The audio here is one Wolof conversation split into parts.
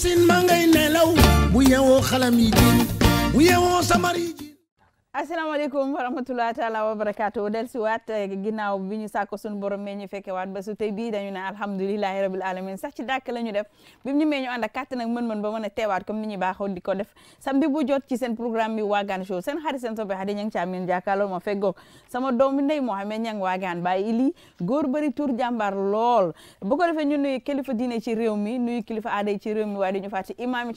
sin ma ngay nelaw bu yewoo xalam yi diin bu yewoo samar yi asalaamaaleykum wa rahmatulah taalaa wa barakaatu del si waat eh, ginnaaw bi ñu sàkko suñu borom mee ñu fekke waat ba su tey bii dañu ne alhamdulilahi alamin sax ci dàkk def bi ñu mee ñu ànd ba mën a teewaat comme ni ñuy baaxoo di ko def samedi bu jot ci seen programme bi waagaan show seen xarit seen soppe xadi ñang caamin jàkkaarloo ma feggoo sama doomu ndey Mohamed ñang waagaan baay ili góor bëri tur jàmbaar lool bu ko defee ñu nuyu kilifa diine ci réew mi nuyu kilifa aada ci réew mi waaye dañu fàtte imaam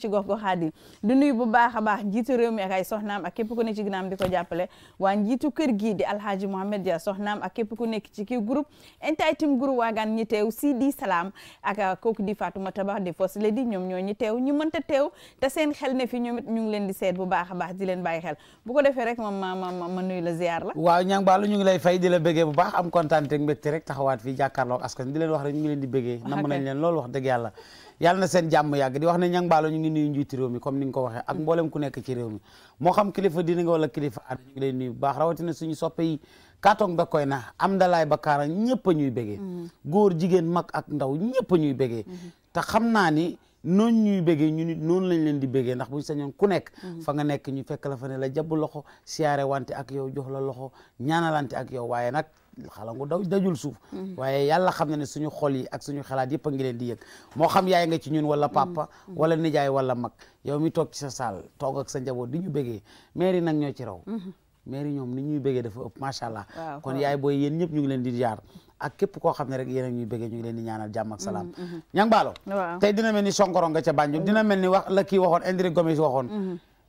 a baax njiitu réew mi ak ay ko jàppale waa njiitu kër gi di alhaji Mohamed Dia soxnaam ak képp ku nekk ci kii groupe entire team groupe waagaan ñi teew si di salaam ak kooku di Fatoumata Bah di first lady ñoom ñoo ñi teew ñu mënta teew te seen xel ne fi ñoom it ñu leen di seet bu baax a baax di leen bàyyi xel bu ko defee rek moom ma ma ma nuyu la ziar la waaw ñang baalu ñu ngi lay fay di la bëggee bu baax am kontaan te mbégte rek taxawaat fii jàkkaarloog askan di leen wax rek ñu ngi leen di bëggee nam nañ leen loolu wax dëgg yàlla yàlla na seen jàmm yàgg di wax na ñang baalo ñu ngi nuyu njiiti réew mi comme ni nga ko waxee ak mboolem ku nekk ci réew mi moo xam kilifa dina nga wala kilifa aada ñu ngi lay nuyu bu baax rawatina suñu soppe yi kaatong ba na am dalaay ba kaara ñëpp ñuy bégee mm-hmm. góor jigéen mag ak ndaw ñëpp a ñuy beggee mm-hmm. ta xam naa ni noon ñuy bégee ñu nit noonu lañ leen di bégee ndax buñ sañoon ku nekk mm-hmm. fa nga nekk ñu fekk la fa ne la jàpp loxo siyaare wante ak yow jox la loxo ñaanalante ak yow waaye nag xalangu daw dajul suuf mm-hmm. waaye yàlla xam na ne suñu xol yi ak suñu xalaat yëpp a ngi leen di yëg moo xam yaay nga ci ñun wala papa mm-hmm. wala nijaay wala mag yow mi toog ci sa saal toog ak sa njaboot di ñu bëggee mairie nag ñoo ci raw mm-hmm. mairie ñoom ni ñuy bëggee dafa ëpp macha allah kon yaay booy yéen ñëpp ñu leen di jaar ak képp koo xam ne rek yéen a ñuy bëggee ñu leen di ñaanal jàmm salaam ñang baalo tey dina mel ni sonkoro nga ca Banjul dina mel ni wax la kii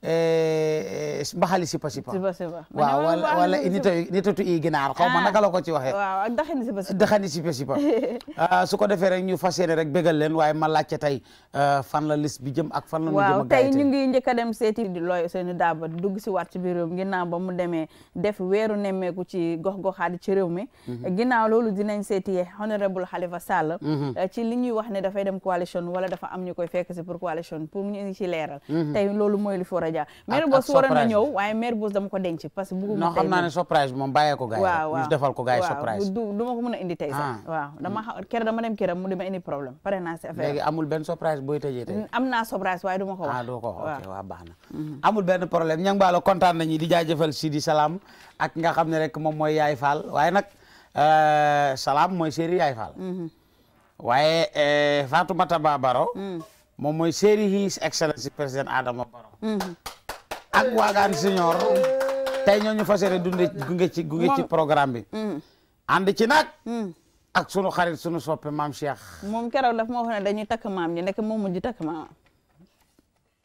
mbaxali eh, eh, sipa sipa waaw wala nitatu i ginaar xaw ma ah. naka ko ci waxee waaw ak daxani sipa sipa daxani sipa sipa ah, su ko defee rek ñu fas yéene rek bégal leen waaye ma laajte tey ah, fan la liste bi jëm ak fan la ñu jëm tey ñu ngi njëkk a dem seeti di looy seeni daaba dugg si waat ci ba mu demee def weeru nemmeeku ci gox-goxaat ci réew mi mhm. ginnaaw loolu dinañ seeti honorable Halifa Sall mhm. ci li ñuy wax ne dafay dem coalition wala dafa am ñu koy fekk si pour coalition pour ñu ci leeral mhm. tey loolu mooy li Dia maire Boss waroon na ñëw waaye maire Boss dama ko denc parce que bëgguma non xam naa ne surprise moom bàyyee ko gars yi waaw waaw defal ko gars surprise du ma ko mën a indi tey sax ah. waaw dama dem këram mu di ma problème pare naa si affaire amul benn problème ña baalo kontaan nañu di jaajëfal Sidi Salam ak nga xam ne rek moom mooy Yaay Fall waaye nag euh, Salam mooy série Yaay Fall mhm. waaye euh, Fatoumata Babaro mm. mom moy série his excellence président Adama Barrow mm-hmm. ak wagan senior tay ñoo ñu fas dundé dunde gunge ci gunge ci programme bi mm. and ci nag mm. ak suñu xarit suñu soppé mam Cheikh mom keroog daf mo xone dañuy tak mam ji nek momu tak mam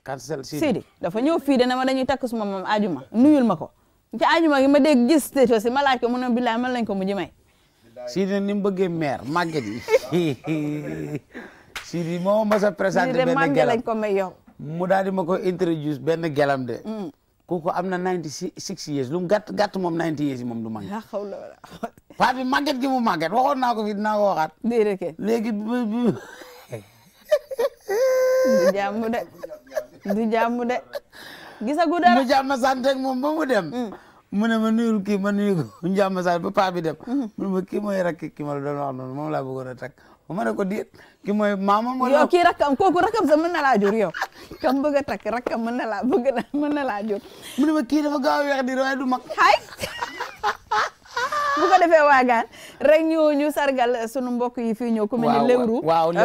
cancel kansel Sidi dafa ñëw fi de ma dañuy tak suma mam ajuma nuyul mako ci aljuma gi ma dégg gis status ma laaj ko mu ne billaay man lañ ko mu jimaay Sidi ni mbeugé magge di Sidi moo ma sa présenté benn gelam ko may yow mu daal di ma ko introduce benn gelam de mm. kooku am na ninety six years lu mu gàtt gàtt moom ninety years yi moom du màgget la xaw la paa bi màgget gi mu màgget waxoon naa ko fi dinaa ko waxaat léegi du jàmm de du jàmm de gisagu dara mu jàmm sant ak moom ba mu dem mm. mu ne ma nuyul kii ma nuyu ko njàmm sant ba bi dem mm. mu ne ma kii mooy rakk kii ma la doon wax noonu moom laa bëggoon a takk ma ne ko diir ki mooy maama ma yow kii rakkam kooku rakkam sax mën na laa jur yo kam bëgg a takk rakkam mën na laa bëgg na mën na laa jur mu ne ma kii dafa gaaw a weex di waaye du mag ay bu ko defee waagaan rek ñu ñu sargal sunu mbokk yi fi ñëw ku mel ni lewru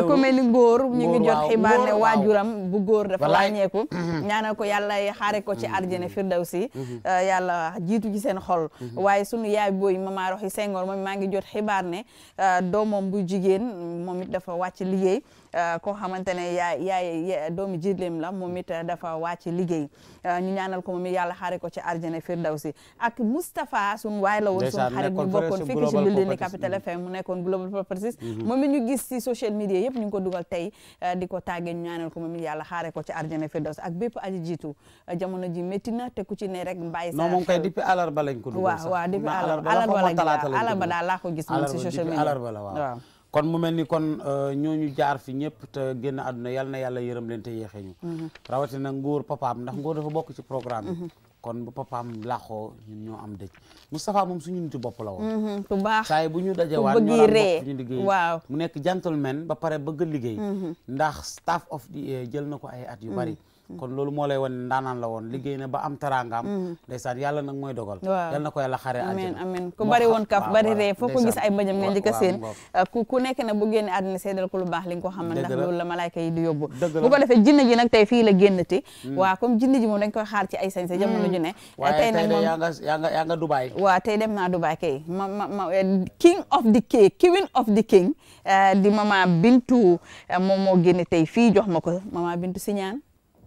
ku mel ni ngóor ñu ngi jot xibaar ne waajuram bu góor dafa wàññeeku mm-hmm. ñaanal ko yàlla xaare ko ci mm-hmm. arjana firdawsi mm-hmm. uh, yàlla jiitu ci seen xol waaye sunu yaay booy mama roxi sengoor moom maa ngi jot xibaar ne uh, doomam bu jigéen moom it dafa wàcc liggéey Euh, koo xamante ne yaay yaay doomi jidleem la moom it euh, dafa wàcc liggéey euh, ñu ñaanal ko moom it yàlla xaare ko ci arjana firdawsi ak Moustapha sun waay la woon sun xarit ñu bokkoon fii ci London mu nekkoon Global Properties mhm. moom it ñu gis si social media yëpp ñu ngi ko dugal tey di ko tàggee ñu ñaanal ko moom it yàlla xaare ko ci arjana firdawsi ak bépp aji jiitu jamono ji métti na te ku ci ne rek mbaay sa non moom kay depuis alarba lañ ko dugal sax waaw waaw depuis alarba alarba ko gis moom si social media la waaw kon mu mel ni kon euh, ñooñu jaar fi ñëpp te génn àdduna yal na yàlla yërëm leen te yéexee ñu mm-hmm. rawatina ngóor papaam ndax ngóor dafa bokk ci programme mm-hmm. kon ba papaam laaxoo ñun ñoo am dëj Moustapha moom suñu nitu bopp la woon mm-hmm. bu baax saa yi bu ñu dajewaat ñu bokk ñu liggéey mu nekk gentleman ba pare bëgg liggéey ndax staff of di jël na ko ay at yu bari Mm. kon loolu moo lay wan ndaanaan la woon liggéey na ba am taraangaam mm. ndeysaan yàlla nag mooy dogal yàlla na ko yàlla xare àjjana amiin ku woon kaf bari ree foo ko gis ay bëjam nga njëkk a seen uh, ku ku nekk na bu génne àddina seedal lu baax li nga ko xam ne ndax loolu la malaayka yi di yóbbu bu tey fii la génnati mm. waaw comme jinne ji moom dañ koy xaar ci ay sañ sa jamono ju ne tey nag moom yaa nga yaa nga yaa Dubaay waaw tey dem naa Dubaay kay ma ma ma eh, king of the king queen of the king eh, di mama Bintu eh, moom moo génne tey fii jox ma ko mama si Siñaan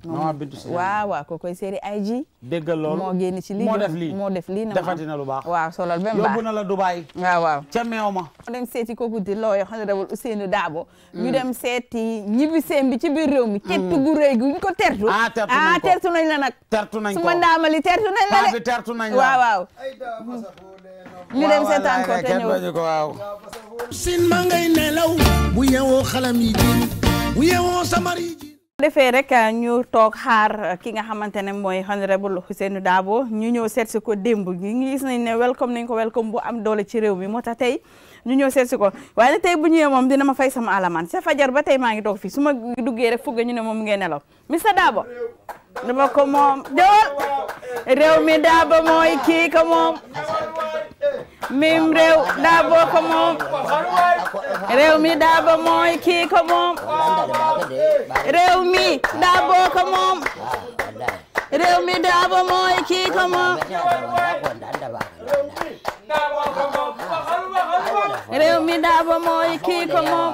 maman Bintu Seye waaw waaw kookoy série IG. déggal loolu moo génn ci lii moo def moo def lii na defati na lu baax waaw solal ba mu baax yóbbu na la Dubaay. waaw waaw ma. ñu dem seeti ko di loo yoo xam ne dawal Ousseynou Dabo. Mm. ñu dem seeti ñibbi seen bi ci biir réew mi. Mm. tertu gu rëy ko tertu. ah tertu nañ ah, ko ah tertu nañ la nag. tertu nañ ko su ma ndaamali tertu nañ la de. paa bi tertu nañ la waaw ko te ñëw waaw defee rek euh, ñu toog xaar euh, ki nga xamante ne mooy honorable Ousseynou Dabo ñu ñëw seet si ko démb ñu ngi gis nañ ne welcome nañ ko welcome bu am doole ci réew mi moo tax tey ñu ñëw seet si ko waaye nag tey bu ñëwee moom dina ma fay sama alamaan sa fajar ba tey maa ngi toog fii su ma duggee rek fugga ñu ne moom ngeen nelaw Mr Dabo dama ko moom dewal réew mi daaba mooy kii ko moom mim réew daaboo ko moom réew mi daaba mooy kii ko moom réew mi daaboo ko moom réew mi daaba mooy kii ko moom réew mi daaba mooy kii ko moom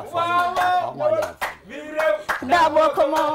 daaboo ko moom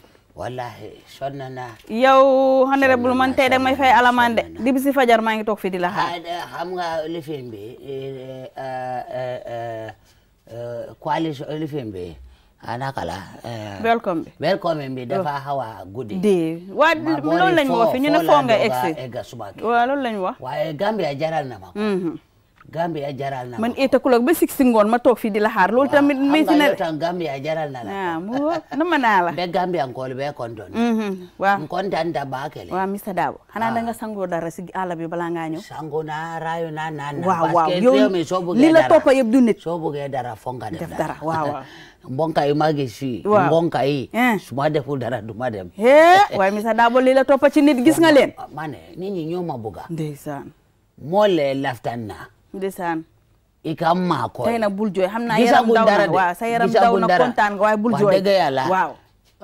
wallahi sonna na yow honorable man tay dag may fay alamande de di fajar maa ngi toog fii di la xaar xam nga lifin bi coalition e, e, e, lifin bi ana kala welcome bi welcome bi oh. dafa hawa a di waa loolu lañ wax fi ñu ne fo nga egsi wa lolou lañ wax waye Gambia jaral na ma Gambia jaral na man eta kulak ba sik singon ma tok fi di la har lol tamit metti na tan Gambia jaral na na mo na manala be Gambia ngol be kon don hmm wa ngon dan da ba kele wa misa Dabo xana da nga sango dara si ala bi bala nga ñu sango na rayu na na na wa wa yo mi so bu li la topa yeb du nit so bu ge dara nga def dara wa wa mbonka yi magi si mbonka yi ma deful dara duma dem he way misa dabo lila topa ci nit gis nga len mané nit ñi ñoma buga ndeysan mo le laftana ndeysaan i na bul jooy xam naa yaram daw na waaw sa yaram daw nga waaye bul jooy dëgg yàlla waaw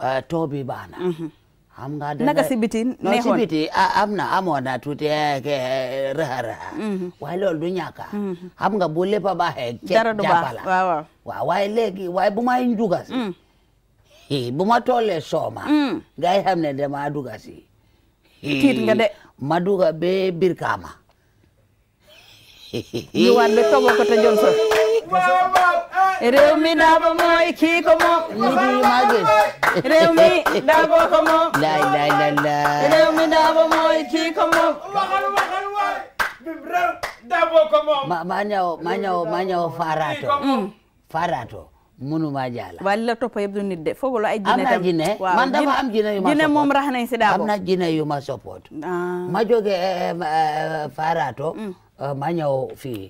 euh, too bi baax na mhm. xam nga naka si biti neexoon si biti am na amoon na tuuti eh, ke eh, raxa raxa mhm. waaye loolu du ñàkk mhm. bu lépp a baaxee dara baax waaw waaw waaye léegi waaye bu mm. ma tollee sooma mm. ngay xam ne dama duga si tiit nga de ma duga be birkaama ñu waat mi daaba mooy kii moom ma ñaw ma ñaw ma mm. jaala wala la toppa du nit de foofu la ay jinne am man dafa am jinne yu support ah. ma jóge eh, eh, eh, faaraato mm. Euh, ma ñëw fii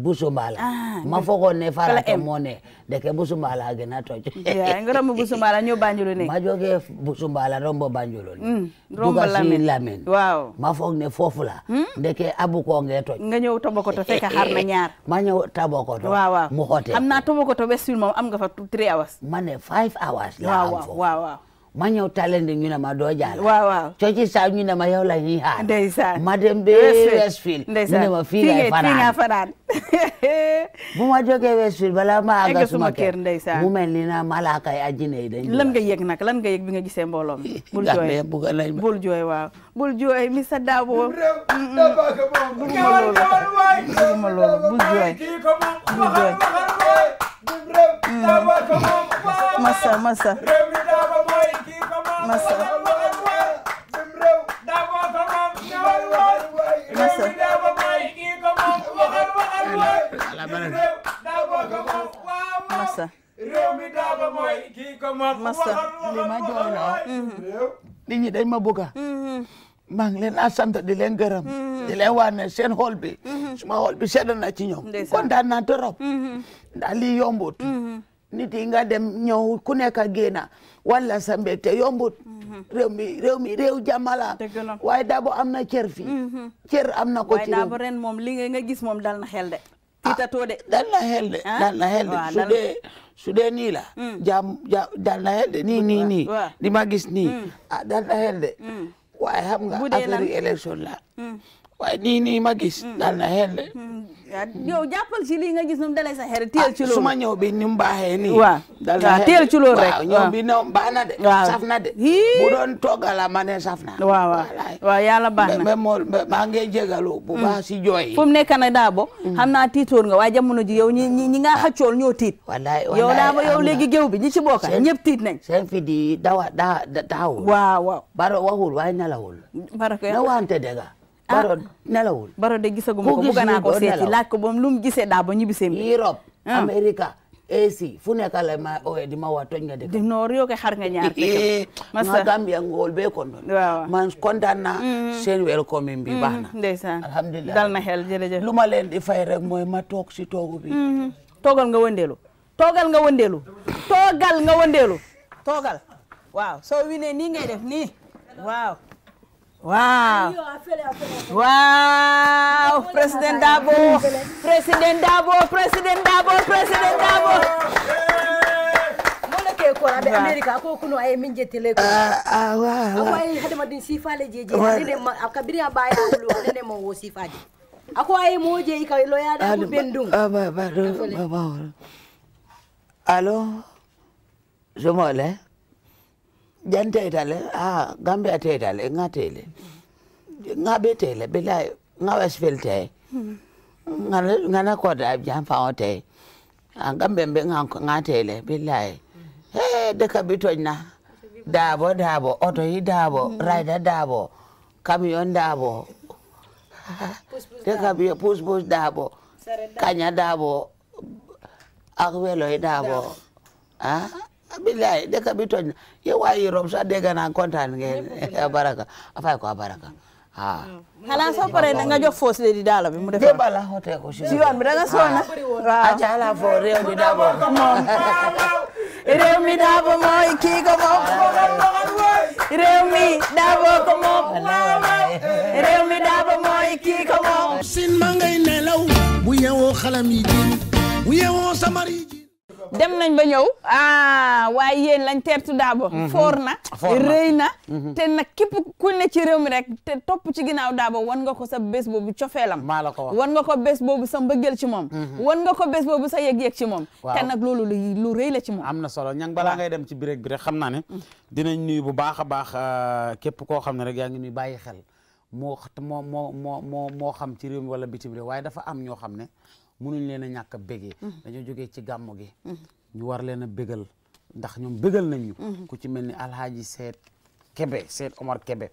Busumbala ah, ma foogoon ne Farata moo ne dëkk Busumbala a gën a toj yaa nga romb Busumbala ñëw Banjulu ma jógee Busumbala romb Banjulu ne mm, romb Lamin Lamin waaw ma foog ne foofu la hmm? ndeke Abuko ngee toj nga ñëw Tobokoto fekk xar na ñaar ma ñëw Tobokoto mu xote am naa Tobokoto West Hill moom am nga fa three hours ma ne five hours la am foofu ma ñëw talent ñu ne ma doo coci saa ñu ne ma yow la ñuy xaar. ma dem be Westfield. ñu ne ma fii ngay fanaan bu ma jógee Westfield balaa ma àgga suma mu mel ni na malaaka yi àjjina lan nga yëg nag lan nga yëg bi nga gisee mbooloo mi. bul jooy bul masa masa masa masa li ma jooyloo mm-hmm. nit ñi dañ ma bëgga mm-hmm. maa ngi leen a sant di leen gërëm mm-hmm. di leen wax ne seen xol bi suma xol bi sedd na ci ñoom kontaan naa trop ndax lii yombut nit yi nga dem ñëw ku nekk a wala sa mbégte yombut. Mhm. réew mi réew mi réew jàmmala. waaye daabo am na cër fii. Mhm. cër am na ko ci moom li nga nga gis moom dal na xel de. Ah, tiitatoo de dal de. Ah? dal su dee nii la. Mm. jaam ja dal na xel de nii nii nii. li ma gis ni mm. ah dal na xel de. Mm. waaye xam nga affaire élection la. waaye nii nii ma gis. Hmm. daal na xel hmm. nga gis moom dalay sa xel teel ci ah, loolu. su ma ñëw bi ni yàlla baax na. mais hmm. nekk na daabo. xam naa tiitoon nga waaye jamono ji yow ñi ñi nga xaccool ñoo tiit. wallaay wallaay yow daabo yow géew bi ñi ci bokk ñëpp tiit nañ. seen fi di dawa daa daawul. waaw waaw. baro waxul waaye nelawul. baraka yàlla na wante dëgg Ah, baro nelawul baro de gisaguma ko bëgg naa ko seeti laaj ko bom lum mu da bo ba ñibbisee Europe ah. America AC fu nekk ma o di ma waa tooñ nga dëkk di noor yoo ko xar nga ñaar masa Gambia ngol be kon doon man kontaan naa welcome bi baax na mm. mm, ndeysaan alhamdulilah dal na hel jere jere luma len di fay rek moy ma tok ci toogu bi mm-hmm. togal nga wëndeelu togal nga wëndeelu togal nga wëndeelu toogal waaw soo winee ni ngay def ni waaw Wow! Wow! président Dabo président Dabo président Dabo président Dabo kora be america ko kuno ay min jettele ko ah, ah wa wa madin sifa jeje ne ma akabiri abaya ulu ne mo je ka lo ya da ko bendum ah ba ba ba ba alo je mo le jan tetale a gambe a tetale nga tele nga be tele be la nga wesfel te nga nga na ko da jan fa o te a gambe be nga nga tele be la he de ka bi na dabo dabo oto yi dabo rider dabo camion dabo de ka bi pus pus dabo kanya dabo ak welo dabo ah billaay dëkk bi toj na yow waa Europe sax dégg naa kontaan ngeen baraka afay ko baraka ah mm. xanaa soo paree nga jox foos le di daala bi mu def démb la xotee ko si yoon bi da nga soona ah. waaw aca ala fo réew mi daa bo moom réew mi daa bo mooy kii ko moom réew mi daa bo ko moom réew mi daa bo mooy kii ko moom sin ma ngay nelaw bu yeewoo xalam yi ji bu yeewoo samar yi dem nañ ba ñëw ah waaye yéen lañ teertu daabo mhm. foor na rëy na mhm. te nag képp ku ne ci réew mi rek te topp ci ginnaaw daabo wan nga ko sa bés boobu cofeelam maa la ko wax wan nga ko bés boobu sa mbëggeel ci moom mhm. wan nga ko bés boobu sa yëg-yëg ci moom te nag loolu lu rëy la ci moom am na solo ñan balaa ngay dem ci bireeg bi rek xam naa ne mm. dinañ nuyu bu baax a baax euh, képp koo xam ne rek yaa ngi nuy bàyyi xel moo moo moo moo moo xam ci réew mi wala bitim réew waaye dafa am ñoo xam ne munuñ leen a ñàkk a bégee dañoo jógee ci gàmmu gi ñu war leen a bégal ndax ñoom bégal nañ ñu ku ci mel ni seet Kebe Seyd Omar Kebe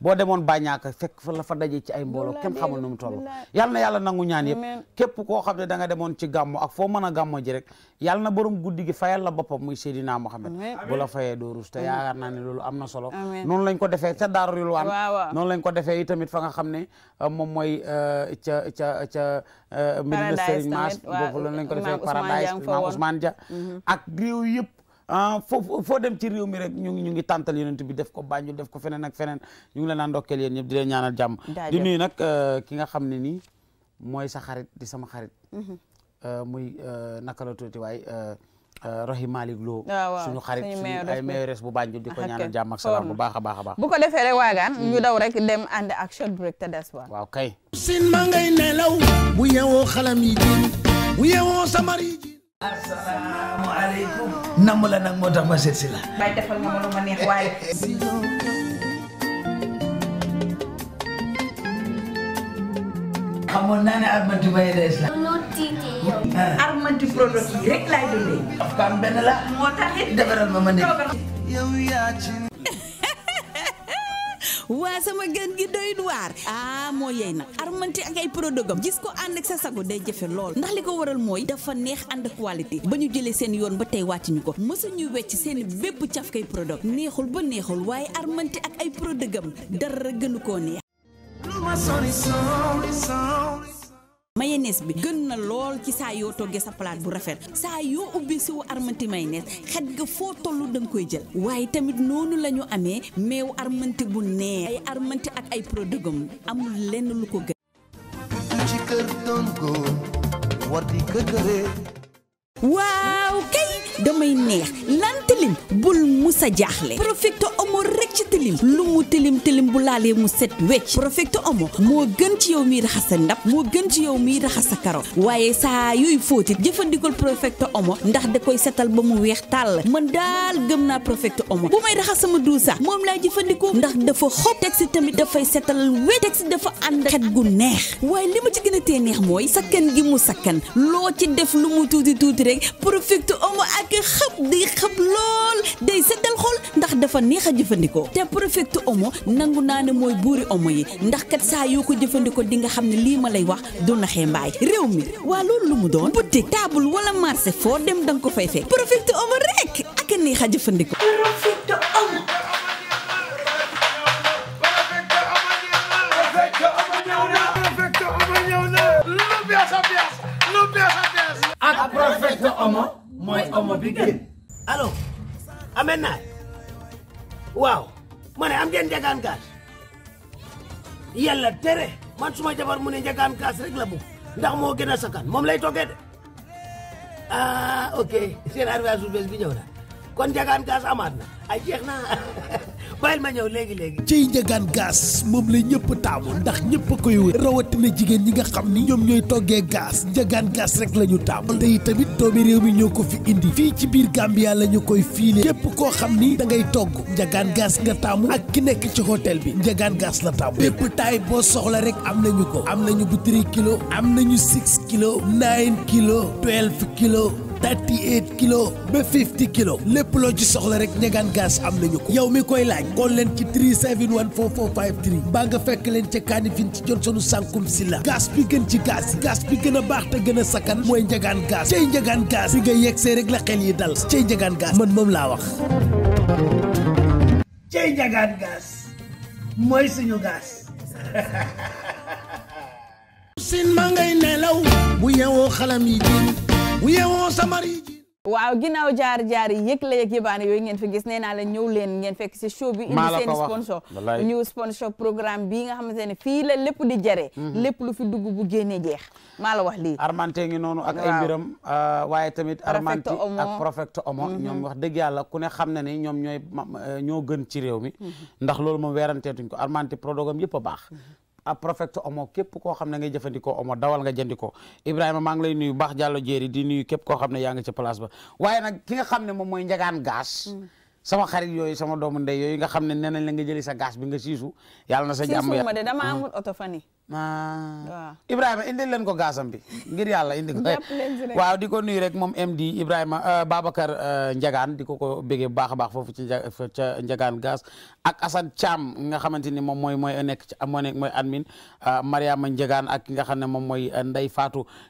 boo demoon bàññaaka fekk fa la fa daje ci ay mbooloo kenn xamul nu mu toll yal na yàlla nangu ñaan yëpp képp koo xam ne da nga demoon ci gàmmu ak foo mën a gàmmo ji rek yal na guddi gi fayal la boppam muy Seydina na bu la fayee doo rus te yaakaar naa ne loolu am na solo noonu lañ ko defee ca Daaru Rilwaan noonu lañ ko defee itamit fa nga xam ne euh, moom mooy euh, ca ca ca euh, Medina Serigne Mass boobu lañ ko defee Paradise Ousmane Dia ak réew yëpp ah dem ci réew mi rek ñu ngi ñu ngi tantal yonent bi def ko Banjul def ko fenen ak fenen ñu ngi la naan ndokkeel yéen di leen ñaanal jamm di nuy nak euh, ki nga xamni ni moy sa xarit di sama xarit. Mm-hmm. Euh, muy euh, nakala tuti way Rohi malik Lo. Ah, suñu xarit suñu ay mayoress bu Banjul di ko ñaanal jamm ak salam bu baaxa a baax a bu ko defé rek waagaan mm. ñu daw rek dem and action break ta dess wa waaw kay. sin ma ngay nelaw bu yewoo xalam yi bu yewoo samar yi ji asalaamaaleykum. namm la nag moo tax ma seet si la. waaye defal nga ma lu ma neex waaye. xamoon naa ne Armanti Mbaye rees la. noo tiitee yow. Armanti ah. produit rek laay dundee. afkaan benn la. moo taxit defaral ma ma nekk. waa sama gën gi doyut waar ah moo yey nag armanti ak ay prodogam gis ko ànd ak sa sago day jafe lool ndax li ko waral mooy dafa neex ànd qualité ba ñu jëlee seen yoon ba tey wàcc ñu ko mësuñu wecc seen bépp caf kay product neexul ba neexul waaye armanti ak ay prodogam dara gënu koo neex mayonnaise bi gën na lool ci saa yoo toggee sa palaat bu rafet saa yoo ubbi siwu armanti mayonnaise xet ga foo toll da koy jël waaye tamit noonu lañu amee meew armanti bu neex ay armanti ak ay produits amul lenn lu ko gën. waaw kay damay neex lan tilim bul musa jaaxle Profecto Omo rek ci tilim lu mu tilim tilim bu laalee mu set wecc Profecto Omo moo gën ci yow miy raxas sa ndab moo gën ci yow miy raxas sa karo waaye saa yooyu fóotit jëfandikul Profecto Omo ndax da koy setal ba mu weex tàll man daal gëm naa Profecto Omo bu may raxas sama duus sax moom laa jëfandikoo ndax dafa xob teg si tamit dafay setal wecc teg si dafa ànd xet gu neex waaye li ma ci gën mooy sakkan gi mu sakkan rek Profecto Omo ak xëpp day xëpp lool day seddal xol ndax dafa neex a jëfandikoo te Profecto Omo nangu naa ne mooy buuri omo yi ndax kat saa yoo ko jëfandikoo dinga xam ne lii ma lay wax du naxee mbaay réew mi waa loolu lu mu doon boutique table wala marché foo dem da ko fay fekk Profecto Omo rek ak neex a jëfandikoo. ak prophète Omo mooy waaw ma am ngeen njagaan kaas yàlla tere man suma jabar mu ne njagaan kaas rek la bugg ndax moo gën a sakan moom lay toggee de ah ok seen arrivage bu bees bi ñëw na kon njagaan gaz amaat na ay jeex na bàyyil ma ñëw léegi léegi. ciy njagaan gaz moom la ñëpp taamu ndax ñëpp a koy wër rawatina jigéen ñi nga xam ni ñoom ñooy toggee gaz njagaan gaz rek la ñu taamu. te it tamit doomi réew mi ñoo ko fi indi fii ci biir Gambia la ñu koy fiile képp koo xam ni da ngay togg njagaan gaz nga taamu ak ki nekk ci hôtel bi njagaan gaz la taamu. bépp taay boo soxla rek am nañu ko am nañu bu kilo am nañu 6 kilo 9 kilo 12 kilo. 38 kilo ba 50 kilo lépp loo ci soxla rek ñegaan gaz am nañu ko yow mi koy laaj kool leen ci 3714453 mbaa nga fekk leen ca kaanifin ci Johnsonu Sankum Silla gaz bi gën ci gaz yi gaz bi gën a baax te gën a mooy njegaan gaz cey njegaan gaz bi nga yegsee rek la xel yi dal cey njegaan gaz man moom laa wax cey njegaan gaz mooy suñu gaz sin ma ngay nelaw bu yeewoo xalam yi waaw ginnaaw jaar jaar yi yëg la yëg yëbaane yooyu ngeen fi gis nee naa la ñëw leen ngeen fekk si show bi indi seen sponsor ñu sponsor programme bi nga xamante ne fii la lépp di jare mhm. lépp lu fi dugg bu génnee jeex maa la wax lii armante ngi noonu ak ay mbiram ah, waaye tamit armanti ak profecte omo mhm. ñoom wax dëgg yàlla ku ne xam ne ni ñoom ñooy eh, ñoo gën ci réew mi mhm. ndax loolu moom weeranteetuñ ko armanti programme yëpp baax perfect omo képp koo xam ne ngay jëfandikoo omo dawal nga jëndikoo Ibrahima maa ngi lay nuyu baax Diallo Jéeri di nuyu képp koo xam ne yaa ngi ci place ba waaye ki nga xam ne moom mooy njagaan gaas mm. sama xarit yooyu sama doomu ndey yooyu nga xam ne nee la nga jëli sa gaas bi nga siisu yàlla na sa jàmm yàlla siisu ma de dama mm. amul oto fan yi waaw ah. Ibrahima indil leen ko gaasam bi ngir yàlla indi ko waaw di ko nuyu rek moom MD Ibrahima euh, Babacar euh, Ndiagane di ko ko béggee bu baax a baax foofu ci ca Ndiagane Gas ak Assane Thiam nga xamante ni moom mooy mooy nekk ci moo nekk mooy admin euh, Mariama Ndiagane ak ki nga xam ne moom mooy Ndey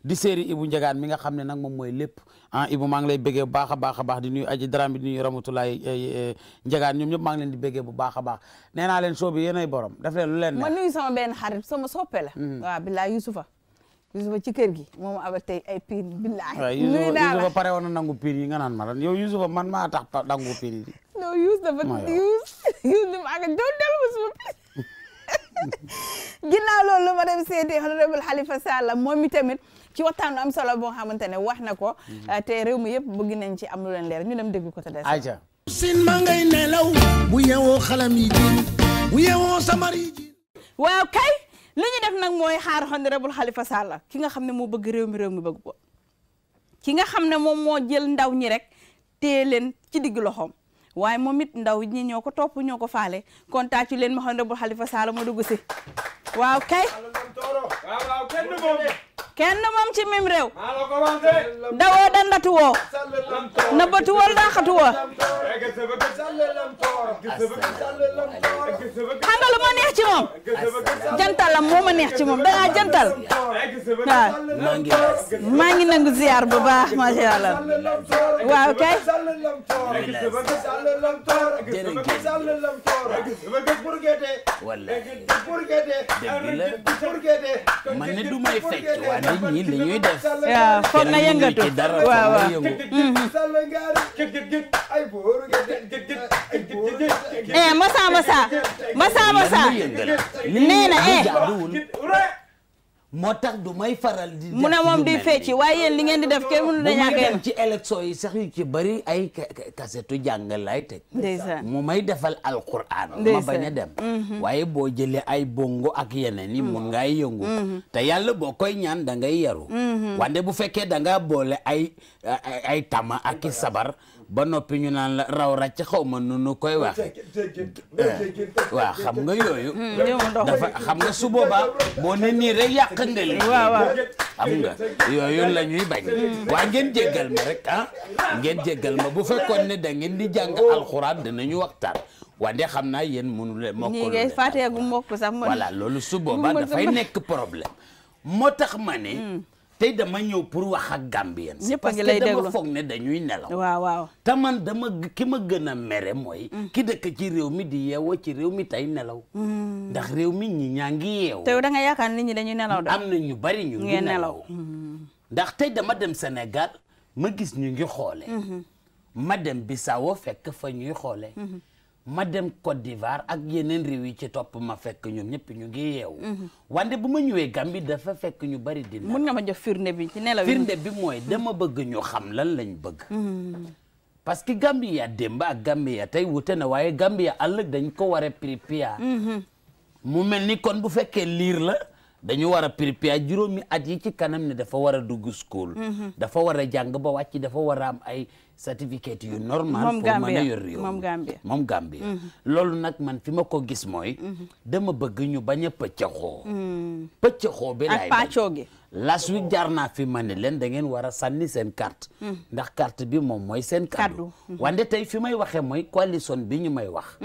di séeri Ibu Ndiagane mi nga xam ne nag moom mooy lépp ah Ibu maa ngi lay béggee bu baax a baax a di nuyu aji dram bi di nuyu Ramatoulaye Ndiagane ñoom ñëpp maa leen di béggee bu baax a baax nee naa leen soo bi yéenay borom def leen lu leen ma nuyu sama benn xarit sama soppe la. Mm. waaw billaay Yusufa. Yusufa ci kër gi moom abal tey ay piir billaay. nuyu naa la Yusufa pare woon na nangu piir yi nga naan ma lan yow Yusufa man maa tax nangu piir yi. non Yus a Yus Yus li mu àgg doon dellu ma suma lu ma dem seeti honorable Halifa Sallah moom mi tamit ci waxtaan lu am solo boo xamante ne wax na ko mm-hmm. te réew mi yëpp bëgg nañ ci am lu leen leer ñu dem déglu ko te des. sin ma ngay nelaw bu yeewoo xalam yi jiin bu yeewoo samar yi jiin li ñu def nag mooy xaar honorable xalifa saala ki nga xam ne moo bëgg réew mi réew mi bëgg ko ki nga xam ne moom moo jël ndaw ñi rek téye leen ci digg loxoom waaye moom it ndaw ñi ñoo ko topp ñoo ko faale kon tàccu leen ma honorable xalifa Sallah ma dugg si waaw kay. kenn moom ci mim réew dawoo dandatu woo nëbbatu woo daaxatu woo xam nga lu ma neex ci moom jantalam moo ma neex ci moom da ngaa jantal waaw maa ngi nangu ziar bu baax macha allah waaw kay jërëjëf wala dëgg la man ne du may fecc nit ñi li ñuy def. waaw foog na yëngatu ci dara waaw waaw yëngu. Mm-hmm. eh Massa Massa Massa Massa nee na eh. moo tax du may faral di. mu ne moom di fecci waaye yéen li ngeen di def kenn mënu na ñàkk dem ci élection yi sax yu ci bëri ay kasetu jàngal lay teg. ndeysaan mu may defal alquran. ma bañ a dem. Mm-hmm. waaye boo jëlee ay bongo ak yeneen yi mun mm-hmm. ngay yëngu. Mm-hmm. te yàlla boo koy ñaan da ngay yaru. wante bu fekkee da ngaa boole ay ay tama ak sabar. ba noppi ñu naan la raw ràcc xaw ma nu nu koy wa eh, waaw xam nga yooyu hmm, dafa xam nga su boobaa boo ne nii rek yàq nga li wa waaw xam nga yooyu la ñuy bañ hmm. wa ngeen jéggal ma rek ah ngeen jéggal ma bu fekkoon ne da ngeen di jàng oh. alxuraan danañu waxtaan wande xam naa yéen mënu leen mokk ñi ngay fàtteegu mokk sax voilà loolu su boobaa dafay nekk problème moo tax ma ne hmm. tey dama ñëw pour wax ak Gambien. ñëpp a ngi lay déglu parce que dama foog da dañuy nelaw. waaw waaw te man dama ki ma gën a mere mooy. Mm. ki dëkk ci réew mi di yeewoo ci réew mi tey nelaw. Mm. ndax réew mi ñi ñaa ngi yeewoo. te da nga yaakaar nit ñi dañuy nelaw de. am na ñu bari ñu ngi nelaw mm. ndax tey dama dem senegal ma gis ñu ngi xoole. Mm-hmm. ma dem Bissau fekk fa ñuy xoole. Mm-hmm. ma dem Côte d'Ivoire ak yeneen réew yi ci topp ma fekk ñoom ñëpp ñu ngi yeewu mhm. wante bu ma ñëwee Gambie dafa fekk ñu bari dina mun nga ma jox firnde bi ci nelawi firnde bi mooy dama bëgg ñu xam lan lañ bëgg mhm. parce que Gambia démb ak Gambia tey wute na waaye Gambia ëllëg dañ ko war a prépare mhm. mu mel ni kon bu fekkee liir la dañu war a préparer juróomi at yi ci kanam ne dafa war a dugg school. Mhm. dafa war a jàng ba wàcc dafa war a am ay certificate yu normal. pour mën a yor réew moom Gambia moom Gambia. Mhm. loolu nag man fi ko gis mooy. Mhm. dama bëgg ñu bañ a pëccaxoo. pëccaxoo bi laay ak pàccoo gi. last week jaar naa fi ma ne leen da ngeen war a sànni seen carte. ndax carte bi moom mooy seen. kaddu wante tey fi may waxee mooy coalition bi ñu may wax.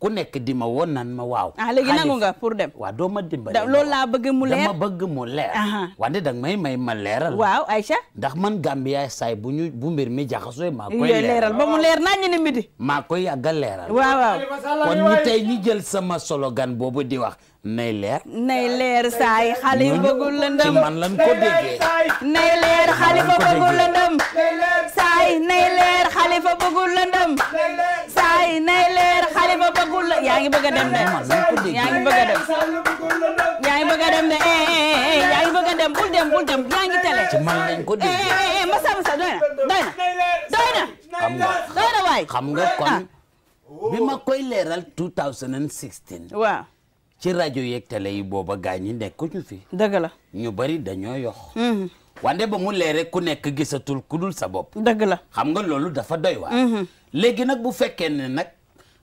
ku nek di ma wonan ma waw ah legi nangu nga pour dem. wa do ma dimbale. da lol la beug mu leer dama beug mu leer. wa ne dag may may ma leral waw aisha ndax man Gambia say buñu bu mbir mi jaxaso ma koy leral ba mu leer naa ni midi. ma koy yagal leral waw kon ni tay ñu jël sama slogan bobu di wax. nay leer. nay leer say khalifa beugul la ndam man lan ko dege nay leer beugul la ndam say nay leer beugul la ndam say nay leer khalifa ngi bëgg a dem de yaa ngi bëgg a dem yaa ngi bëgg a dem eh, eh, eh, yaa ngi bëgg a dem bul dem bul dem yaa ngi tele ci man lañ ko dégg masa masa doy na doy na doy na xam nga doy na waay xam nga kon ah. bi ma koy leeral 2016 ci rajo yeeg télé yi booba gaa ñi nekkuñu fi dëgg la ñu bari dañoo yox mm-hmm. wante ba mu leere ku nekk gisatul ku dul sa bopp dëgg la xam nga loolu dafa doy waar mm-hmm. léegi nag bu fekkee ne nag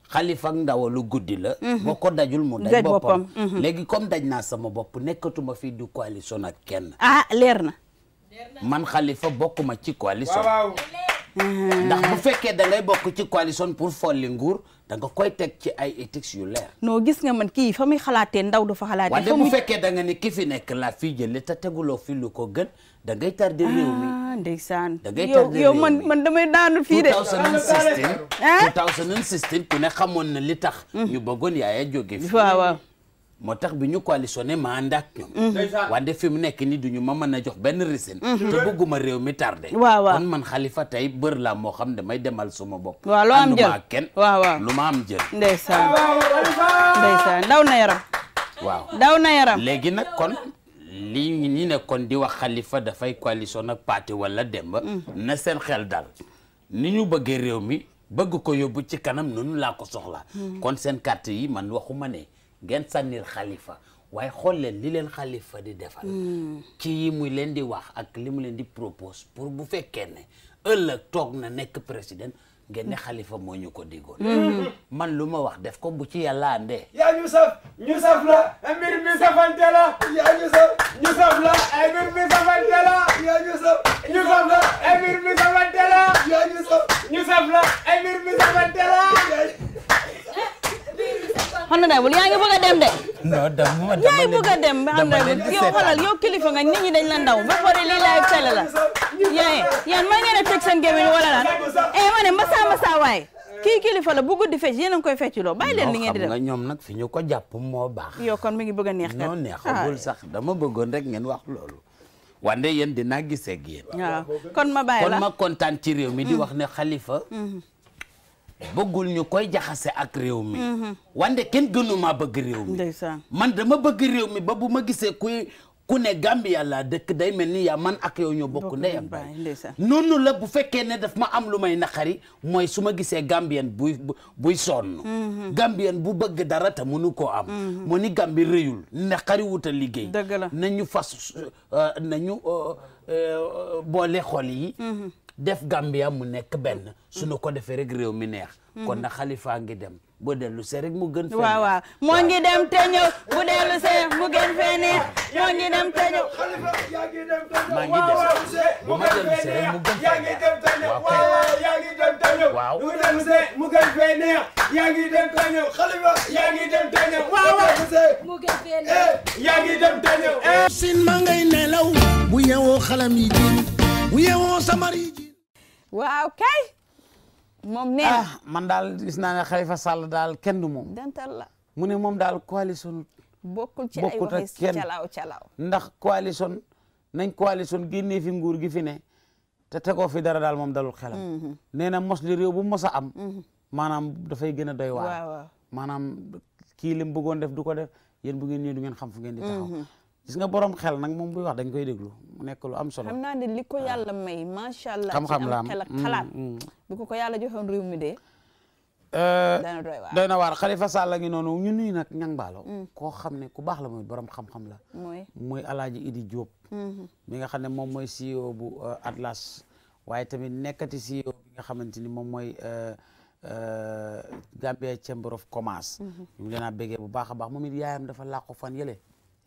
xalifa ak guddi la. moo mhm. ko dajul mu daj boppam mhm. léegi comme daj naa sama bopp nekkatuma fii du coalition ak kenn. ah leer na. man xalifa bokkuma ci coalition. Mhm. ndax bu fekkee da ngay bokk ci coalition pour folli nguur. da nga koy teg ci ay éthiques yu leer. non gis nga man kii fa muy xalaatee ndaw dafa xalaatee. fa muy bu fekkee da nga ni ki fi nekk laa fi jëlee te teguloo fi lu ko gën da ngay tardé réew mi. ah ndeysaan da ngay yow man man damay daanu fii de. 2016 2016 ah? ku ne xamoon na li tax. Hmm. ñu bëggoon yaaya jóge fi. waaw waaw. moo tax bi ñu coalitionné ma ànd ak mhm. wante fi mu nekk ni duñu ma mën a jox benn resin mhm. te bëgguma réew mi tardé waaw waaw kon man xalifa tey bër laa moo xam damay demal suma bopp waaw am jël waaw lu ma am jël ndeysaan na yaram waaw na yaram léegi nag kon li ñi ne kon di wax xalifa dafay coalition ak parti wala demb mhm. na seen xel daal ni ñu bëggee réew mi bëgg ko yóbbu ci kanam noonu laa ko soxla kon seen carte yi man waxuma ne ngeen sànnil xalifa waaye xool leen li leen xalifa di defal ci hmm. yi muy leen di wax ak li mu leen di propose pour bu fekkee ne ëllëg toog na nekk président ngeen ne xalifa moo ñu ko digoon hmm. man lu ma wax def ko bu ci yàlla andee yaa ñu saf ñu saf la mbir mi safante la yaa ñu saf ñu saf la mbir mi safante la yaa ñu saf honorable yaa ngi bëgg a dem de. non dem ma dem yaa ngi bëgg a dem ba honorable yow xoolal yow kilifa nga nit ñi dañ la ndaw ba pare lii laay tele la yaa ngi yan may ngeen a teg seen gémmiñ wala lan eh ma ne masa masa waay kii kilifa la bu guddi fecc yéen a ngi koy fecc loo bàyyi leen li ngeen di def nga ñoom nag fi ñu ko jàpp moo baax. yow kon mi ngi bëgg a neex kat non neexagul ah. sax dama bëggoon rek ngeen wax loolu. wande yéen dinaa gisee ak yéen. waaw kon ma bàyyi la kon ma kontaan ci réew mi di wax ne xalifa mm-hmm. bëggul ñu koy jaxase ak réew mi mhm. wante kenn gënumaa bëgg réew mi man dama bëgg réew mi ba bu ma gisee kuy ku ne Gambia laa dëkk day mel ni yaa man ak yow ñoo bokk ndey ak baay noonu la bu fekkee ne daf ma am lu may naqari mooy su ma gisee Gambien buy buy sonn mhm. bu bëgg dara te mënu koo am mu mhm. ni Gambi rëyul naqari wut liggéey dëgg la nañu fas euh, nañu euh, euh, boole xol yi def Gambia mu nek ben suñu ko def rek rew mi neex mhm. kon na khalifa ngi dem bu delu se rek mu gën fee wa wa mo ngi dem te ñëw bu delu se mu gën fee neex ngi dem te khalifa ya ngi dem bu ma dellu see rek mu gën fee neex ngi dem te ñëw waaw bu dellu see mu gën fee neex ngi dem te ñëw ya yaa ngi dem te wa waaw waaw mu gën fee neex ya ngi dem te ñëw eh, sin ma ngay nelaw bu yewoo xalam yi jiin bu yewoo samar yi jiin waaw kay. moom nee ah, man daal gis naa ne Khalifa Sall daal kenn du moom. dantal la mu ne moom daal coalition. bokkul ci ay waxi calaaw calaaw ndax coalition nañ coalition génnee fi nguur gi fi ne. te tegoo fi dara daal moom dalul xelam. Mhm. nee na mos li réew bu mos a am. Mhm. maanaam dafay gën a doy waar. maanaam kii li mu bëggoon def du ko def yéen bu ngeen ñëwee du ngeen xam fu ngeen di taxaw. Mhm. gis nga borom xel nag moom buy wax dañ koy déglu mu nekk lu am solo. xam naa ne li ko yàlla may macha allah. xam-xam la am xel mm, mm. bu ko ko yàlla joxoon réew mi de. Euh, dana waar doy na waar Khalifa Sall ngi noonu ñu nag ñang baalo mm. koo xam ne ku baax la mooy borom xam-xam la. mooy muy Alaaji Idi Diop. Mm-hmm. mi nga xam ne moom mooy CEO bu euh, Atlas. waaye tamit nekkati CEO bi nga xamante ni moom mooy. Euh, Gambia Chamber of Commerce. Mm-hmm. ñu ngi leen a bu baax a baax moom it yaayam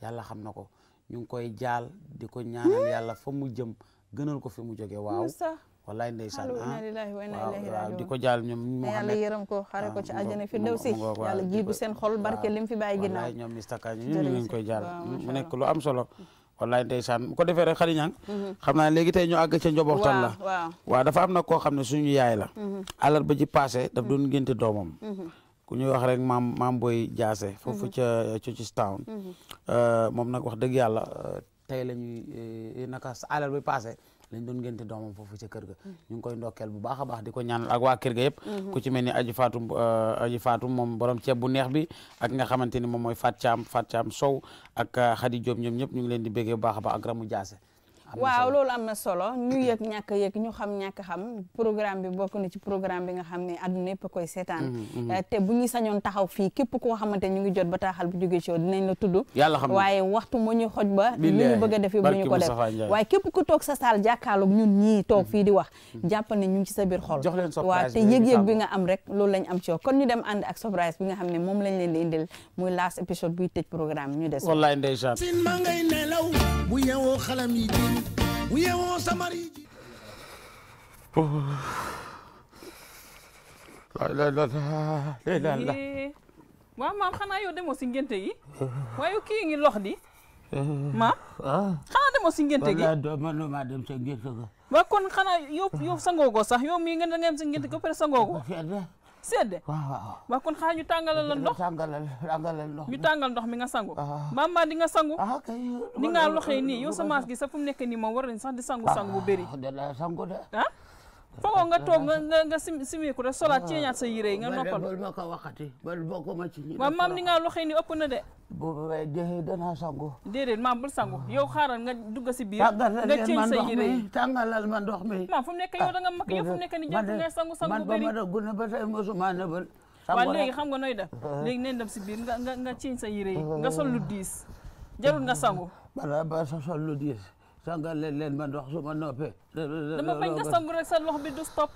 yàlla xam na ko ñu ngi koy jaal di ko ñaanal yàlla fa mu jëm gënal ko fi mu jóge waaw wallaay ndeysaan ah. waaw di ko jaal ñoom yàlla yërëm ko xare ko ci àjjana firdawsi yàlla seen xol barke lim fi bàyyi ñoom Mr Kandji ñu ngi koy jaal mu nekk lu am solo mm-hmm. wallaay ndeysaan bu ko defee rek xali ñang mm-hmm. xam naa léegi tey ñu àgg ca njoboxtan la waaw dafa am na koo xam ne suñu yaay la mm-hmm. alar ba ji passé daf doon ngénte doomam ku ñuy wax rek maam maam booy jaase mhm. foofu ca Churchill's Town mhm. euh, moom nag wax dëgg yàlla euh, tey la ñuy euh, naka sa alal bi passé lañ doon ngénte doomam foofu ca kër ga mhm. ñu ngi koy ndokkeel bu baax a baax di ko ñaan ak waa kër ga yëpp ku ci mel ni aji faatu aji faatu moom borom ceeb bu neex bi ak nga xamante ni moom mooy Fat Thiam Fat Thiam Sow ak Khady joom ñoom ñëpp ñu ngi leen di béggee baax a baax ak Ramou Jaase waaw loolu am na solo ñu yëg ñàkk yëg ñu xam ñàkk xam programme bi bokk na ci programme bi nga xam ne àdduna yëpp koy seetaan mm-hmm, mm-hmm. Eh, te bu ñu sañoon taxaw fii képp koo xamante ñu ngi jot bataaxal bu jógee ci yow dinañ la tudd yàlla xam waaye waxtu moo ñu xoj ba li ñu bëgg a def bu ñu ko def waaye képp ku toog sa saal jàkkaarloog ñun ñii toog fii di wax mm-hmm. jàpp ne ñu ngi ci sa biir xol waaw te yëg-yëg bi nga am rek loolu lañ kon ñu dem ànd ak surprise bi nga xam ne moom lañ leen di indil muy last épisode buy tëj programme ñu des wallaay sin ma ngay nelaw bu Uyewo samari. la la la la la. waaw maam xanaa yow demoo si ngénte gi waaye kii ngi lox di. maam. xanaa demoo si ngénte gi wallaahi manuma dem sa ngénte ga. waaw kon xanaa yow yow sangoogoo sax yoo mii nga dem si ngénte gi ba pare sangoogoo. sedd waaw waaw kon xaa ñu tàngalal la ndox tàngalal tàngalal ndox ñu tàngal ndox mi nga sangu ah. maman di nga sangu ah, kay ni nga loxee nii yow sa maas gi sa fu mu nekk nii moom war nañ sax di sangu sangu ah, bu bëri da sangu de ah fo nga to nga nga simi ko sola ci ñaat sa yire nga noppal bal mako waxati bal boko ma ci wa mam ni nga loxé ni upp na de bu way de dana sangu dede mam bul sangu yow xaaral nga dugg ci biir nga ci sa yire tangalal man dox mi mam fu nekk yow ah, nga mak yow fu nekk ni jëf nga sangu sangu man ba ma da ah. guna ba tay musuma nebal wa legi xam nga noy def legi neen dem ci biir nga nga nga ci sa yire ah. nga sol lu diis jarul nga sangu bala ba sa sol lu diis sangal len len man wax suma ya ya eh. ah, eh. ya, ma dama bañ ta sangu rek sa wax bi du stop.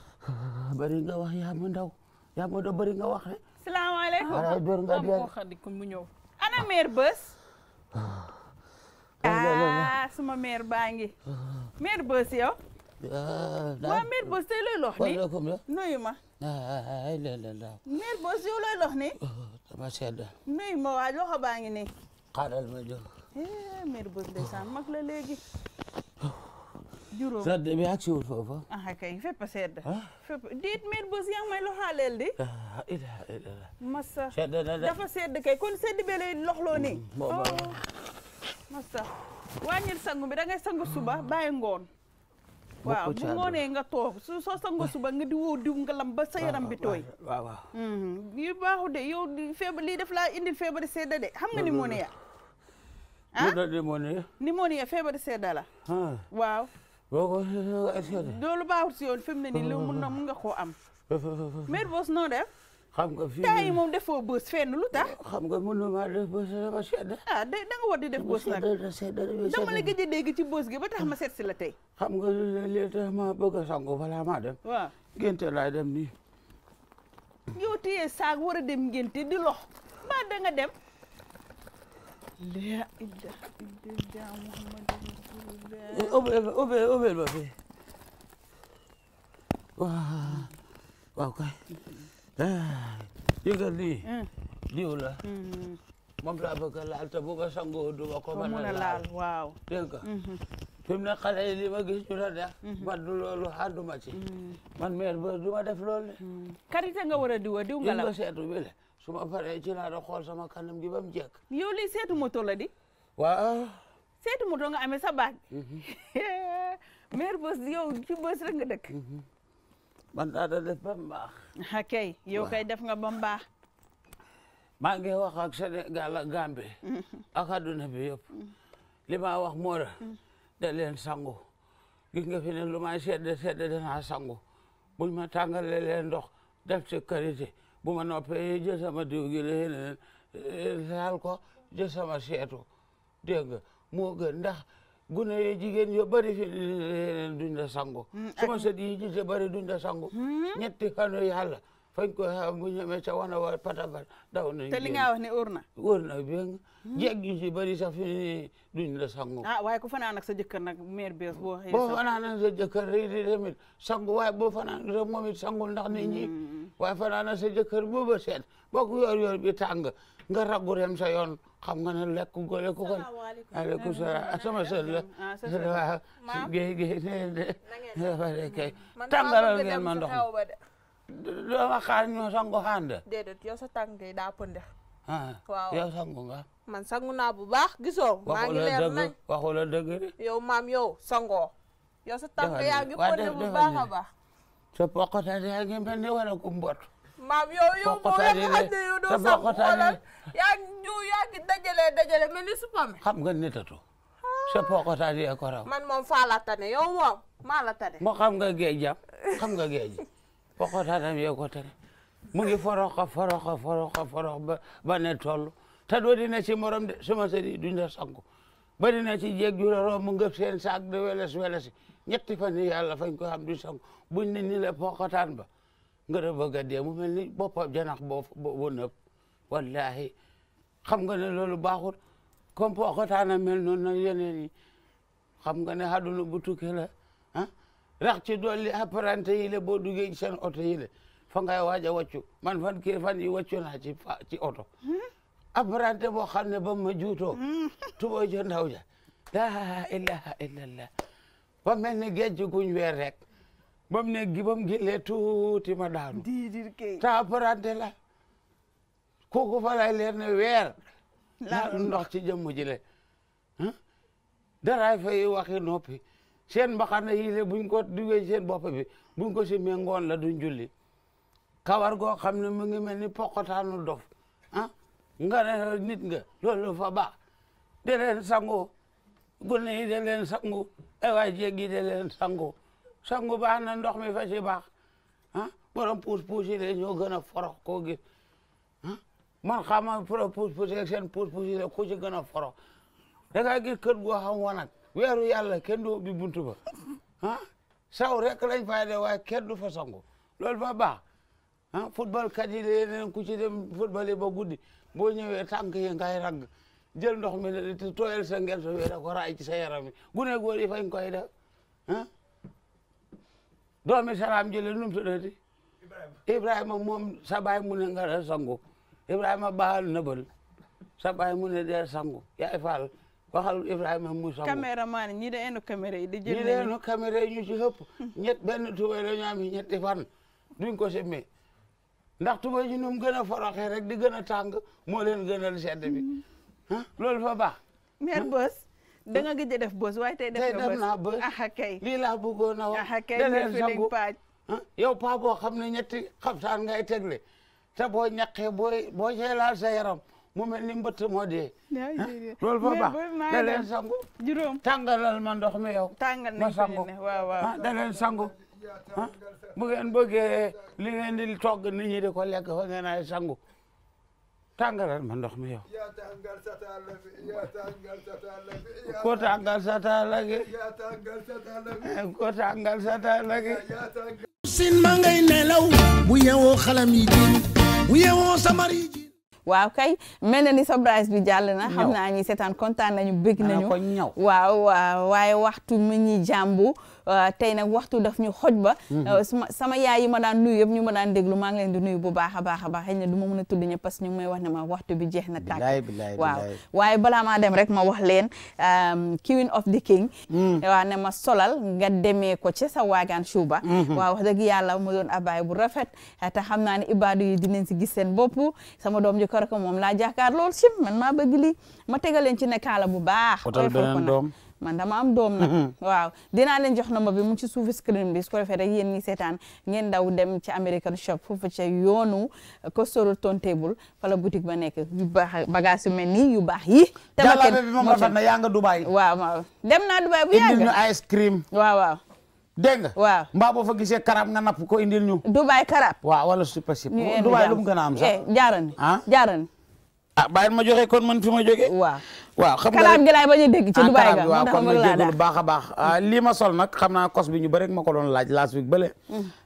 bari nga wax ya mo ndaw ya mo do bari nga wax assalamu alaykum waaye door nga dee ko xadi ko mu ñew ana mère beus ah suma mère baangi mère beus yow. wa mère beus te looy lox ni nuyuma ay la la la. mère beus yow looy lox ni dama sedd. nuyuma wa waaj baangi ni xalal ma jox. Eh, mère Beuss ndeysaan mag la léegi. juróom sedd bi ak ah kay fépp a sedd. fépp diit mère Beuss yaa ngi may loxaaleel di. ah Ilaah Ilaah. Massa dafa sedd kay kon sedd bee lay loxloo nii. Mm, oh. Massa wàññil sangu bi da ngay sangu suba bàyyi ngoon. waaw bu ngoonee nga toog soo sango suba nga di woo nga lam ba sa yaram bi tooy. waaw waaw. Mm-hmm. yu de yow de xam nga ni ne ah pneumonie. pneumonie feebar sedda la. waaw. boo ko loolu si yoon fi mu ne nii lu mun na mun nga koo am. Mère Boss noo def. xam nga fii temps yi moom defoo bës fenn lu tax. xam nga mën na maa def bës dafa sedd. ah war di def bës nag gi ba ma seet si la tey. xam a dem. waaw dem nii. yow téye saag war a dem ngénte di lox ba da dem. la ilaha illallah muhammadu rasulullah ubbe ubbe ba fi waaw waaw kay yëgal lii diw la moom laa bëgg laal te bu ko sangoo du ko mën laal waaw dégg nga fi xalé yi li ma gis ñu la def ba mhm. du handu ma ci mhm. man meer ba duma def lolu mhm. karité nga wara a diwa diw nga la nga bi le suma faré ci la do xol sama kanam gi bam jek yow li seetu moto la di wa seetu moto nga amé sa baat meer bës yow ci bës rek nga dëkk man da da def ba mu baax kay yow kay def nga ba mu baax maa ngi wax ak Sénégal ak Gambie ak àdduna bi yop lima wax moo da leen sangu gis nga fi ne lu may sedd sedd danaa sangu buñ ma tàngalee leen ndox def ci karité bu ma noppee jël sama diw gi leen eh, laal ko jël sama seetu dégg nga moo gën ndax gune yi jigéen yu bari fi leen duñ la sangu mm, sama sët yi ci bari duñ sangu hmm? ñetti kanu yàlla fañ ko ha mu ñeme ca wana wa patapata daw nañ te li ne wóor na wóor na bien hmm. jeeg yu ci bari sax fi ni sangu ah ku fanaan ak sa jëkkër nag meer bees boo xëyee boo sa jëkkër ri tamit sangu waaye boo fanaan ndax nit ñi hmm. sa jëkkër boo ba seet boo ko yor yor bi tàng nga ragu sa yoon xam nga ne lekk gole ko kon aleykum la waaw géy géy ma dama xaar ñoo sango xanda déedéet yow sa tànk day daa pënd waaw yow sangu nga man sangu naa bu baax gisoo maa ngi leer nañ waxu la dëgg de yow maam yang sangoo yow sa tànk yaa ngi pënd bu baax a baax sa poqotaat yaa ngi mel ni wala ku mbot maam yow yow moo la nga xam ne yow doo sangu ni supame xam nga netatu sa poqotaat man moom faa la tane yow moom maa la tane moo xam nga poqotatam yo ko tere mu ngi foroxa foroxa foroxa forox ba ba ne toll te doo dina ci morom de suma sëri duñ la sanku ba dina ci jeeg juraroo mu ngëp seen saak de weles weles ñetti fan yi yàlla fañ ko xam duñ sanku buñ ne ni la poqotaan ba nga da bëgg a mu mel ni boppam janax boo bu wallahi xam nga ne loolu baaxul comme poqotaana mel noonu xam nga ne àdduna bu la rax ci dolli apprenti yi boo duggee ci seen oto yi la fa ngay waaj a man fan kii fan yi wàccu naa ci ci oto apprenti boo xam ne ba ma juutoo hmm. tuboo jo ndaw ja laa ilaha illallah ba mel ne géej guñ weer rek ba ne gi ba tuuti ma daanu te apprenti la kooku fa lay leer ne weer naa ndox ci jëmm ji le daraay noppi seen mbaxana yi le buñ ko duggee seen bopp bi buñ ko si méngoon la duñ julli kawar goo xam ne mu ngi mel ni poqotaanu dof ah nga ne nit nga loolu fa baax de leen sango gune yi leen sango ay waay jéggi de leen sango sango baax na ndox mi fa si baax ah borom puus puus yi le ñoo gën a forox koo gis ah man xama pro puus puus yi seen puus puus yi le ku ci gën a forox weeru yàlla kenn du bi buntu ba ah saw rek de waaye kenn du fa sangu loolu fa baax ah football kat yi leneen ku ci dem football yi ba guddi boo ñëwee tànk yi ngay ragg jël ndox mi te tooyal sa ngel sa wéer a ko raay ci sa yaram yi gune yi fañ koy def ah doomi salaam jële num tuddati ibrahima moom sa baay mu ne nga sangu ibrahima baal nëbal sa baay mu ne dee sangu yaay faal waxal Ibrahima Moussa Mbow. caméraman ñi de enu caméra yi di jël. ñi de enu caméra yi ñu ci ëpp. ñett benn tubay la ñu am ñetti fan. duñ ko semmee ndax tubay ji nu gën a foroxee rek di gën a tàng moo leen gënal sedd bi ah loolu fa baax. mère Bos. da nga gëj def bos waaye tey def nga bës tey def naa bës. aha kay a wax. aha kay sangu yow paa boo xam ne ñetti xabsaan ngay tegle te boo ñaqee bo boo seelaal sa mu mel ni mbëtt moo dee. loolu foo baax da leen sangu. juróom tàngalal ma ndox ma sangu waaw sangu. bu ngeen bëggee li ngeen di togg nit ñi di ko lekk fa ngeen ay sangu. tàngalal ma ndox mi yow. ko tàngal sa ko tàngal sa sin ma ngay nelaw. bu yeewoo xalam yi jiin bu yeewoo samar waaw kay mel na ni sa brasse bi jàll na xam naa ñi seetaan kontaan nañu bëgg nañu waaw waaw waaye waxtu mi ñi jàmbu Euh, tey nag waxtu daf ñu xoj ba mhm. euh, sama yaay yi ma daan nuyu yëpp ñu ma daan déglu maa ngi leen di nuyu bu baax a baax a baax xëy na du ma mën a tudd ñëpp parce que ñu ngi may wax ne ma na tàkk waaw waaye balaa maa dem rek ma wax leen euh, queen of the king mm. waaw ne ma solal nga demee ko ci sa waagaan suuba mhm. waaw wax dëgg yàlla mu a abaay bu rafet te xam naa ne ibaadu yi dinañ si gis seen bopp sama doom ji ko rek moom laa jàkkaar lool si man maa bëgg lii ma tegaleen ci ne kaala bu baax otal beneen doom man dama am doom nag mm-hmm. waaw dinaa leen jox nomba bi mu ci suuf screen bi su ko defee rek yéen ñi seetaan ngeen daw dem ci American shop foofu ca yoonu Kosoro uh, Turntable fa la boutique ba nekk yu baax bagage yu yu baax yi jàllabe bi moom rafet na yaa nga Dubaay waaw waaw dem naa Dubaay bu yàgg indil ñu ice cream waaw waaw dégg nga waaw mbaa boo fa gisee karab nga napp ko indil ñu Dubaay karab waaw wala super sip Dubaay lu a eh, jaarani ah? ah bàyyi ma joxe kon man fi ma jógee. waaw waaw xam nga kalaam gi laay bañ a dégg ci Dubaay ga kon ma jégalu baax a baax ah, mm-hmm. lii ma sol nag xam naa kos bi ñu bëri ma ko laaj last week bële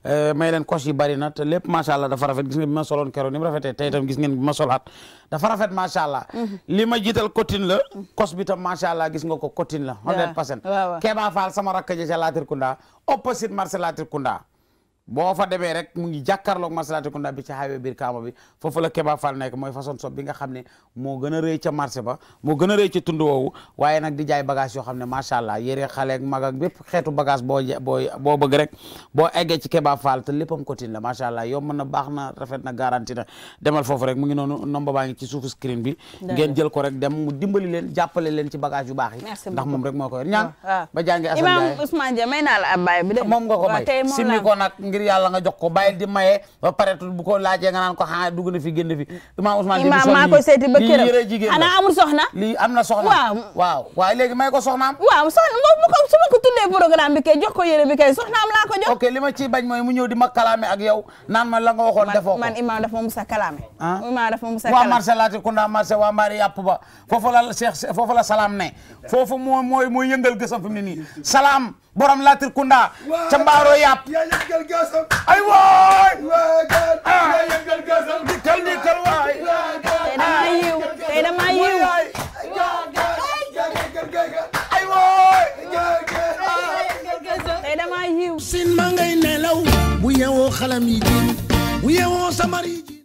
eh, may leen kos yi bëri na te lépp macha allah dafa rafet gis ngeen bi ma soloon keroog ni mu rafetee tey itam gis ngeen bi ma solaat dafa rafet macha allah mm-hmm. lii ma jiital cotine la mm-hmm. kos bi tam macha allah gis nga ko cotine la 100 pour cent Kéba Fall sama rakk ja ca Latrikunda opposite marché Latrikunda boo fa demee rek mu ngi jàkkaarloog Massalikunda bi ci highway biir Kaama bi foofu la Keba na nekk mooy façon sob nga xam ne moo gën a rëy ca a rëy ca tund woowu waaye nag di jaay bagage yoo boo bëgg rek boo eggee ci Keba Fall te léppam cotine la macha yomb na baax na rafet na garanti na demal foofu rek mu ngi noonu nomba baa ngi ci suufu screen bi ngeen jël ko rek dem mu dimbali leen jàppale leen ci bagage yu baax ndax moom ba jàngi Assane Ndiaye Imam Ousmane Dia may naa la abbaay bi de nga ko may simmi ko ngir yàlla nga jox ko bàyyil di maye ba pare bu ko laajee nga naan ko xanaa dugg na fi génn fi imaam Ousmane imaam maa koy seeti ba këram yëre jigéen ana amul soxna lii am na soxna waaw waaw waaye léegi may ko soxnaam waaw soxna moom ko su ma ko tuddee programme bi kay jox ko yëre bi kay soxnaam laa ko jox ok li bañ mooy mu ñëw di ma kalaame ak yow naan ma la nga waxoon defoo ko man imaam dafa ma musa kalaame ah? imaam dafa ma musa kalaame waa marché laati kunda marché waa mbaari yàpp ba foofu la salaam ne foofu moo mooy yëngal gësam fi mu ne salaam borom latir kunda ca mbaaro yàpp ya yëngal gasam waay ah. ya yëngal yiw sin ma ngay nelaw xalam yi jiin samar yi